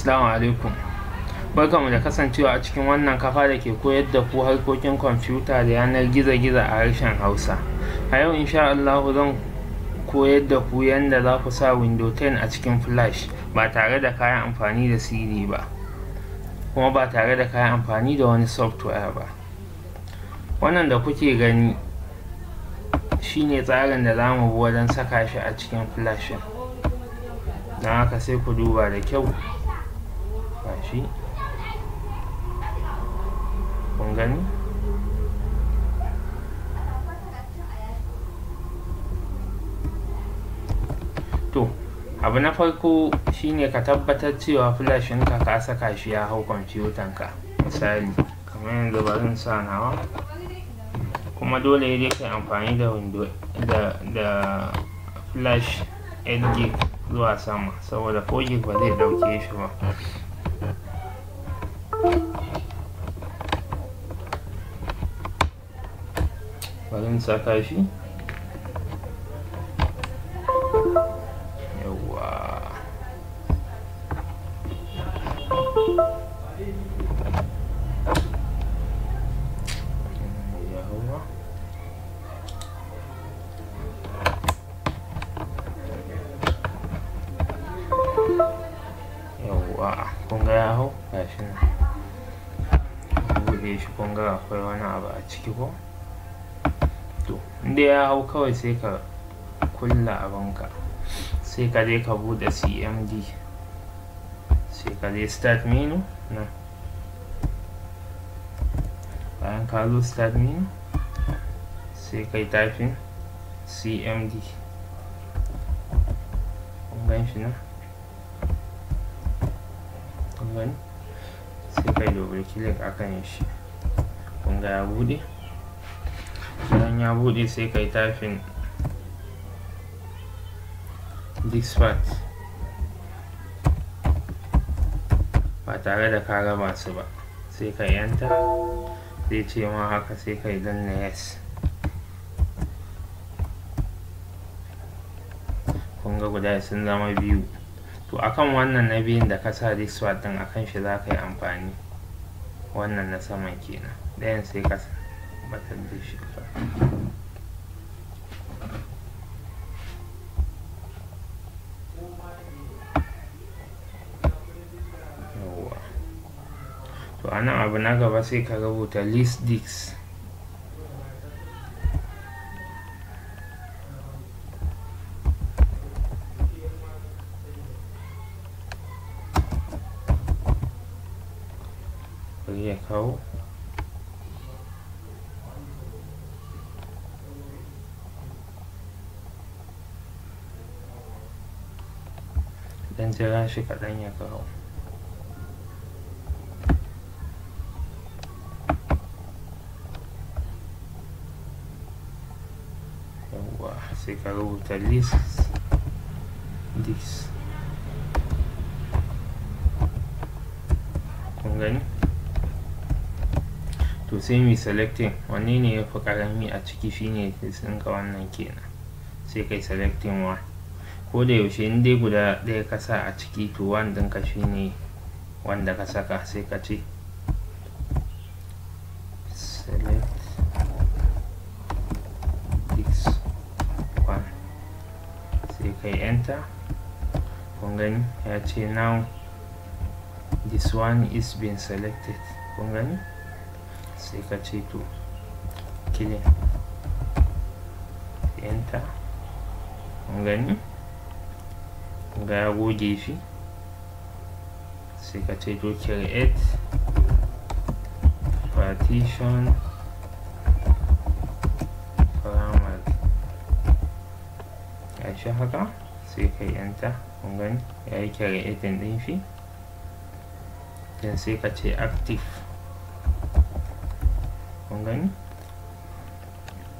Assalamu alaikum. Barkanmu da kasancewa a cikin wannan kafa da ke koyar da ku harkokin kwamfuta da yanar gizo-gizo a harshen Hausa. A yau insha Allah zan koyar da ku yadda za ku sa Windows 10 a cikin Flash ba tare da kayan amfani da CD ba, kuma ba tare da kayan amfani da wani software ba. wannan da kuke gani shine tsarin da za mu bi wajen saka shi a cikin flash don haka sai ku duba da kyau kun gani to abu na farko shi ne ka tabbatar cewa flash ka saka shi ya hau kwamfutanka misali kamar yanzu bari sa nawa kuma dole ya kai amfani da window da da flash 8 gig zuwa sama saboda 4 ba zai dauke shi ba bari in saka shi a'a kun ga ya hau gashi nan buɗe shi kun ga akwai wani abu a ciki ko to inda ya hau kawai sai ka kulla abinka sai ka je ka buɗe cmd sai ka je start menu nan bayan ka zo start menu sai ka yi typing cmd kun gan shi nan kun gani sai kai double click akan shi kun ga ya bude idan ya bude sai kai tafin this part ba tare da ka raba su ba sai kai enter zai ce ma haka sai kai danna yes kun ga guda sun zama biyu to akan wannan na biyun da ka sa riswat din akan shi za ka yi amfani wannan na saman kenan ɗayan sai ka batar da shi to anan abu na gaba sai ka rubuta list disks dan jira shi kaɗan ya kawo oh, yawwa sai ka rubuta list this kun gani to sai mu selecting wanne ne ya fi ƙarami a ciki shine ɗinka wannan kenan sai kai selecting one ko da yaushe in dai guda ɗaya ka sa a ciki to ka shi ne wanda ka saka sai ka ce select this one sai ka yi enter kun gani ya ce now this one is being selected kun gani sai ka ce to killing enter kun gani ga ya goge shi sai ka ce to create partition format ya shi haka sai ka yi enter kun gani ya yi creating din shi dan sai ka ce active kun gani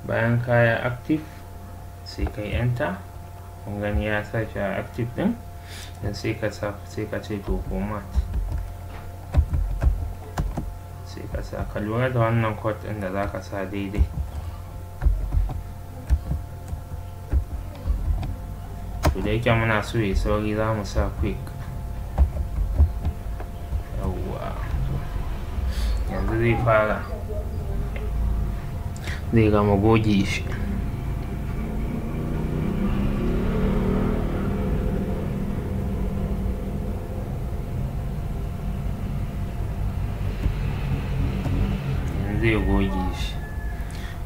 bayan kaya active sai ka yi enter kun gani ya sa shi a active din dan sai ka sai ka ce to format sai ka sa ka lura da wannan code din da za ka sa daidai to da yake muna so ya sauri za mu sa quick yawwa yanzu zai fara zai gama goge shi zai goge shi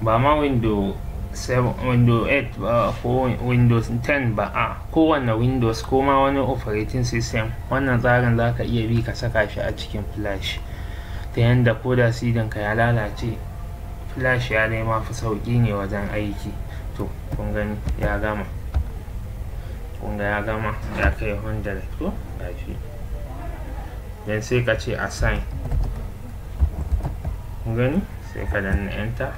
ba ma windows 7 windows 8 ba ko windows 10 ba a kowane windows ko ma wani operating system wannan tsarin za ka iya bi ka saka shi a cikin flash ta yadda ko da sidin ka ya lalace flash ya dai ma fi sauƙi ne wajen aiki to kun gani ya gama kun ga ya gama ya kai 100 ko ga shi sai ka ce assign gani sai ka danna enter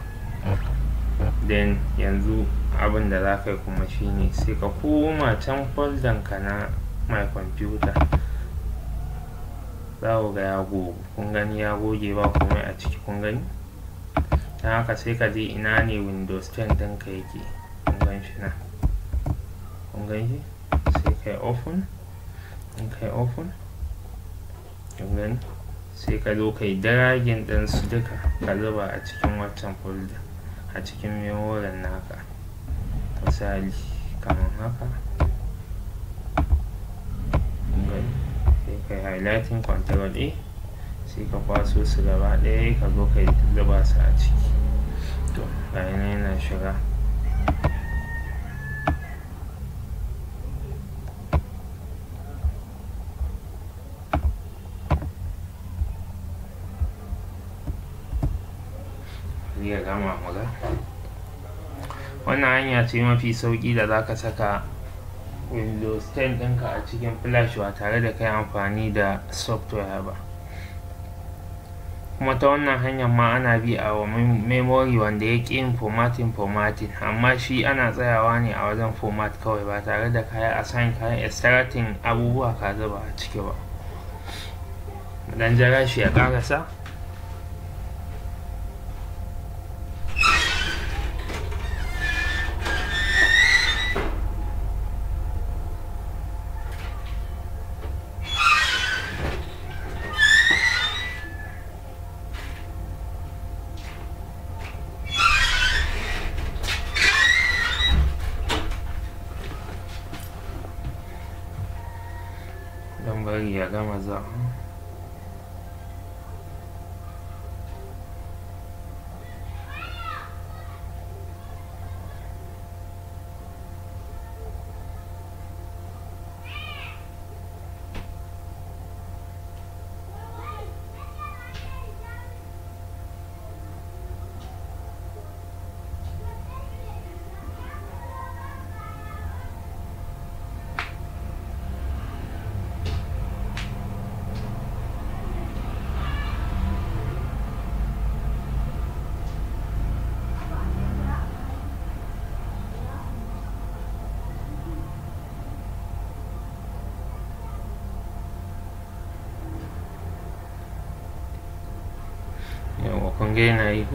then yanzu abin da za ka yi kuma shine sai ka koma can folder ka na my computer za ku ga ya goge kun gani ya goge ba komai a ciki kun gani ta haka sai ka je ina ne windows 10 ɗinka yake kun gan shi na kun gan shi sai ka yi open in ka yi open kun gani sai ka zo ka yi daragin ɗin su duka ka zuba a cikin watan folder a cikin memory naka misali kamar haka sai ka yi highlighting control a sai ka kwaso su gaba ɗaya ka zo ka zuba su a ciki to bayan yana shiga ya gama muga wannan hanya ce mafi sauki da zaka saka windows 10 ɗinka a cikin flash ba tare da kai amfani da software ba kuma ta wannan hanyar ma ana bi a wa memory wanda ya ƙi yin formatting formatting amma shi ana tsayawa ne a wajen format kawai ba tare da kayan assign kayan extracting abubuwa ka zuba a ciki ba dan jara shi ya sa. IH mais A. again ahí,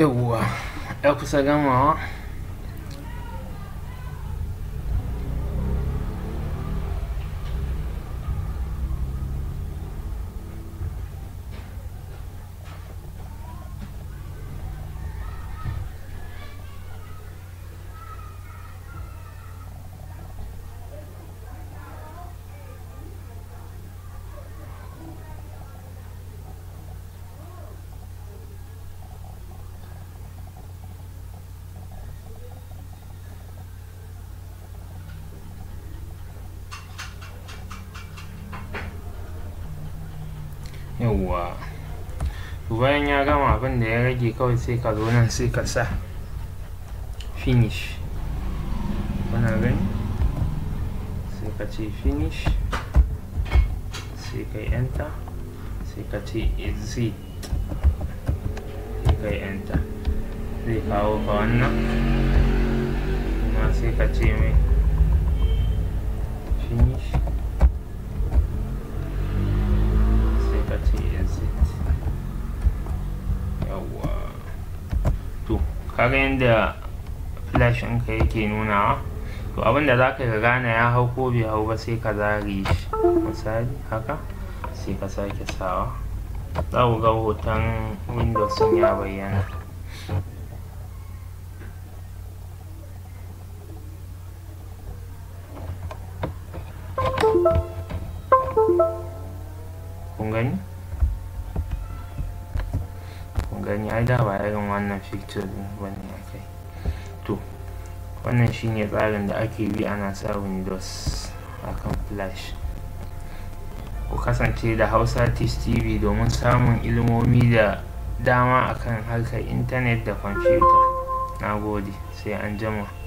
eu, eu consegui uma, ó. yawwa bayan ya gama abin da ya rage kawai sai ka zo nan sai ka sa finish kuna gani sai ka ce finish sai ka yi enter sai ka ce exit sai ka yi enter zai kawo ka wannan kuma sai ka ce mai finish kaga yadda flash ɗinka yake nunawa to abinda za ka gane ya hau ko bai hau ba sai ka zare shi misali haka sai ka sake sawa za ku ga hoton windows sun ya bayyana kun gani gani ai da ba irin wannan picture din bane akai to wannan shine tsarin da ake bi ana sa windows akan flash ku kasance da hausa tv domin samun ilimomi da dama akan harkar intanet da kwamfuta na gode sai an jama'a